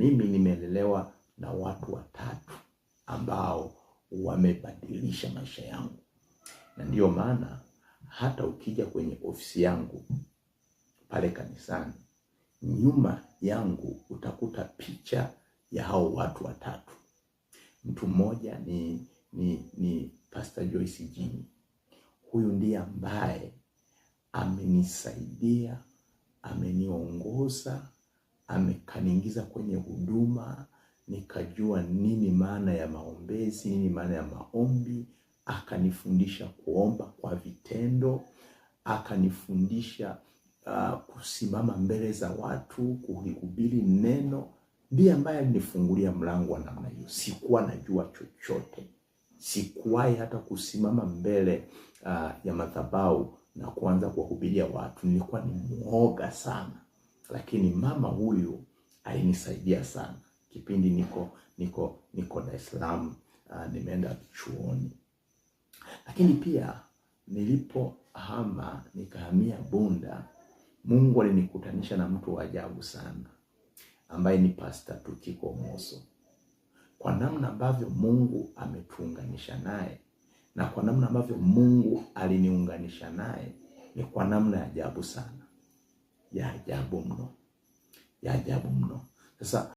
Mimi nimelelewa na watu watatu ambao wamebadilisha maisha yangu, na ndiyo maana hata ukija kwenye ofisi yangu pale kanisani, nyuma yangu utakuta picha ya hao watu watatu. Mtu mmoja ni, ni, ni Pastor Joyce Jini. Huyu ndiye ambaye amenisaidia, ameniongoza amekaniingiza kwenye huduma, nikajua nini maana ya maombezi, nini maana ya maombi. Akanifundisha kuomba kwa vitendo, akanifundisha uh, kusimama mbele za watu, kuhubiri neno. Ndiye ambaye alinifungulia mlango wa namna hiyo. Sikuwa najua chochote, sikuwahi hata kusimama mbele uh, ya madhabahu na kuanza kuwahubiria watu. Nilikuwa ni mwoga sana lakini mama huyu alinisaidia sana kipindi niko niko niko Dar es Salaam, uh, nimeenda chuoni. Lakini pia nilipohama nikahamia Bunda, Mungu alinikutanisha na mtu wa ajabu sana ambaye ni Pastor Tukiko moso Kwa namna ambavyo Mungu ametuunganisha naye na kwa namna ambavyo Mungu aliniunganisha naye ni kwa namna ya ajabu sana ya ajabu mno, ya ajabu mno. Sasa